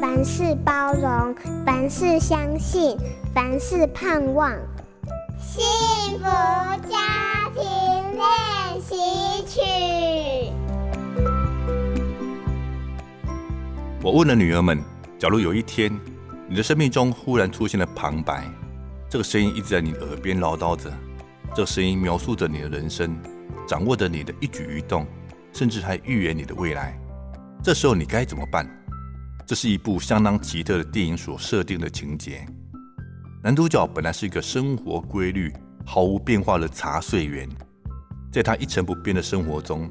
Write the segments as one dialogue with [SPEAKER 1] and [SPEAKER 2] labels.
[SPEAKER 1] 凡事包容，凡事相信，凡事盼望。幸福家庭練習曲。
[SPEAKER 2] 我問了女兒們，假如有一天，你的生命中忽然出現了旁白，這個聲音一直在你耳邊嘮叨着，這個聲音描述着你的人生，掌握着你的一舉一動，甚至還預言你的未來，這時候你該怎麼辦？這是一部相當奇特的電影所設定的情節。男主角本來是一個生活規律，毫無變化的查稅員，在他一成不變的生活中，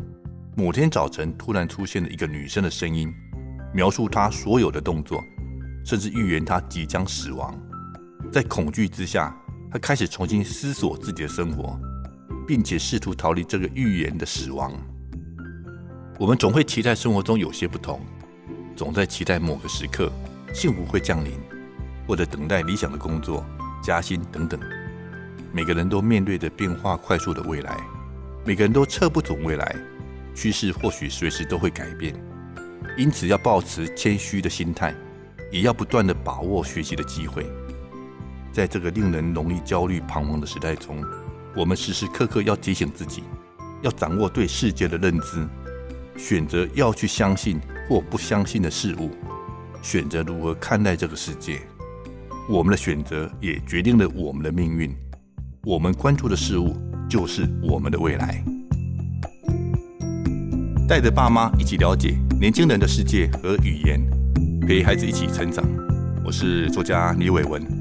[SPEAKER 2] 某天早晨突然出現了一個女生的聲音，描述她所有的動作，甚至預言她即將死亡。在恐懼之下，他開始重新思索自己的生活，並且試圖逃離這個預言的死亡。我們總會期待生活中有些不同。總在期待某個時刻，幸福會降臨，或者等待理想的工作、加薪等等。每個人都面對着變化快速的未來，每個人都測不準未來趨勢，或許隨時都會改變。因此，要保持謙虛的心態，也要不斷地把握學習的機會。在這個令人容易焦慮、彷徨的時代中，我們時時刻刻要提醒自己，要掌握對世界的認知，選擇要去相信。或不相信的事物，選擇如何看待這個世界，我們的選擇也決定了我們的命運。我們關注的事物，就是我們的未來。帶着爸媽一起了解年輕人的世界和語言，陪孩子一起成長。我是作家李偉文。